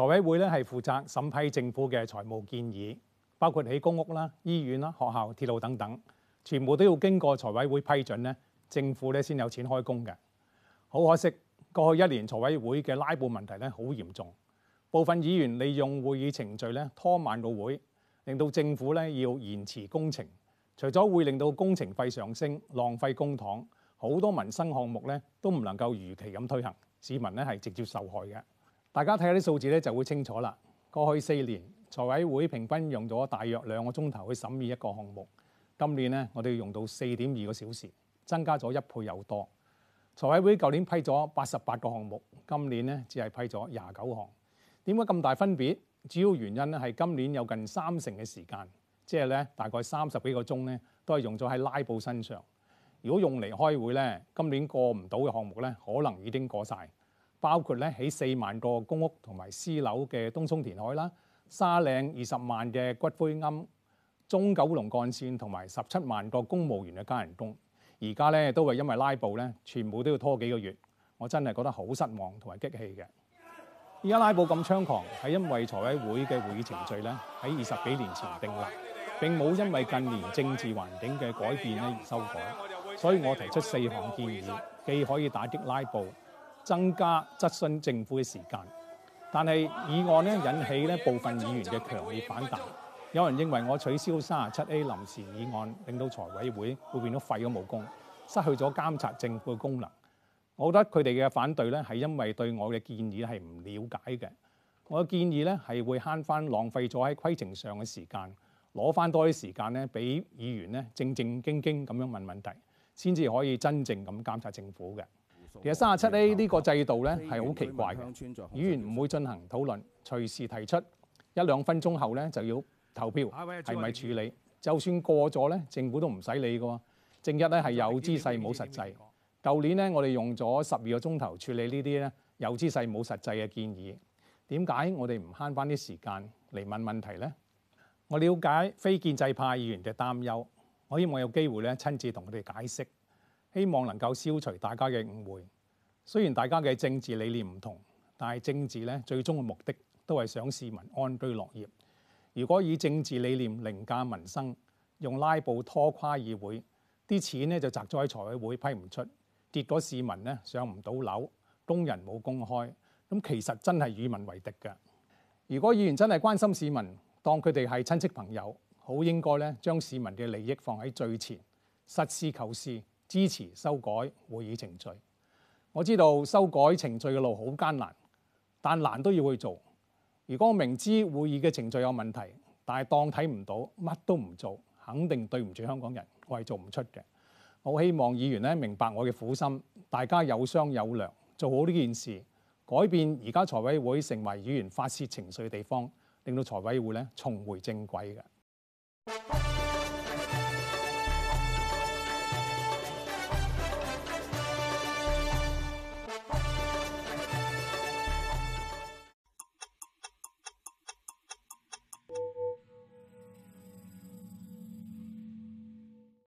財委會咧係負責審批政府嘅財務建議，包括起公屋啦、醫院啦、學校、鐵路等等，全部都要經過財委會批准咧，政府咧先有錢開工嘅。好可惜，過去一年財委會嘅拉布問題咧好嚴重，部分議員利用會議程序咧拖慢個會，令到政府咧要延遲工程，除咗會令到工程費上升、浪費公帑，好多民生項目咧都唔能夠如期咁推行，市民咧係直接受害嘅。大家睇下啲數字咧，就會清楚啦。過去四年，財委會平均用咗大約兩個鐘頭去審議一個項目。今年咧，我哋要用到四點二個小時，增加咗一倍有多。財委會舊年批咗八十八個項目，今年咧只係批咗廿九項。點解咁大分別？主要原因咧係今年有近三成嘅時間，即係咧大概三十幾個鐘咧，都係用咗喺拉布身上。如果用嚟開會咧，今年過唔到嘅項目咧，可能已經過晒。包括咧四萬個公屋同埋私樓嘅東涌填海啦，沙嶺二十萬嘅骨灰庵，中九龍幹線同埋十七萬個公務員嘅加人工，而家咧都係因為拉布咧，全部都要拖幾個月，我真係覺得好失望同埋激氣嘅。而家拉布咁猖狂，係因為財委會嘅會議程序咧喺二十幾年前定立，並冇因為近年政治環境嘅改變咧而修改，所以我提出四項建議，既可以打擊拉布，增加質詢政府嘅時間，但係議案咧引起咧部分議員嘅強烈反彈。有人認為我取消三十七 A 臨時議案，令到財委會會變到廢咗武功，失去咗監察政府嘅功能。我覺得佢哋嘅反對咧係因為對我嘅建議係唔了解嘅。我嘅建議咧係會慳翻浪費咗喺規程上嘅時間，攞翻多啲時間咧俾議員咧正正經經咁樣問問題，先至可以真正咁監察政府嘅。其實三十七 A 呢個制度咧係好奇怪嘅，議員唔會進行討論，隨時提出一兩分鐘後咧就要投票，係咪處理？就算過咗咧，政府都唔使理㗎喎。正一咧係有姿勢冇實際。舊年咧，我哋用咗十二個鐘頭處理呢啲咧有姿勢冇實際嘅建議。點解我哋唔慳翻啲時間嚟問問題咧？我了解非建制派議員嘅擔憂，我希望有機會咧親自同佢哋解釋。希望能夠消除大家嘅誤會。雖然大家嘅政治理念唔同，但係政治咧最終嘅目的都係想市民安居樂業。如果以政治理念凌駕民生，用拉布拖垮議會，啲錢咧就擲咗喺財委會批唔出，結果市民咧上唔到樓，工人冇工開，咁其實真係與民為敵嘅。如果議員真係關心市民，當佢哋係親戚朋友，好應該咧將市民嘅利益放喺最前，實事求是。支持修改會議程序。我知道修改程序嘅路好艱難，但難都要去做。如果我明知會議嘅程序有問題，但係當睇唔到，乜都唔做，肯定對唔住香港人，我係做唔出嘅。我希望議員咧明白我嘅苦心，大家有商有量，做好呢件事，改變而家財委會成為議員發洩情緒嘅地方，令到財委會咧重回正軌嘅。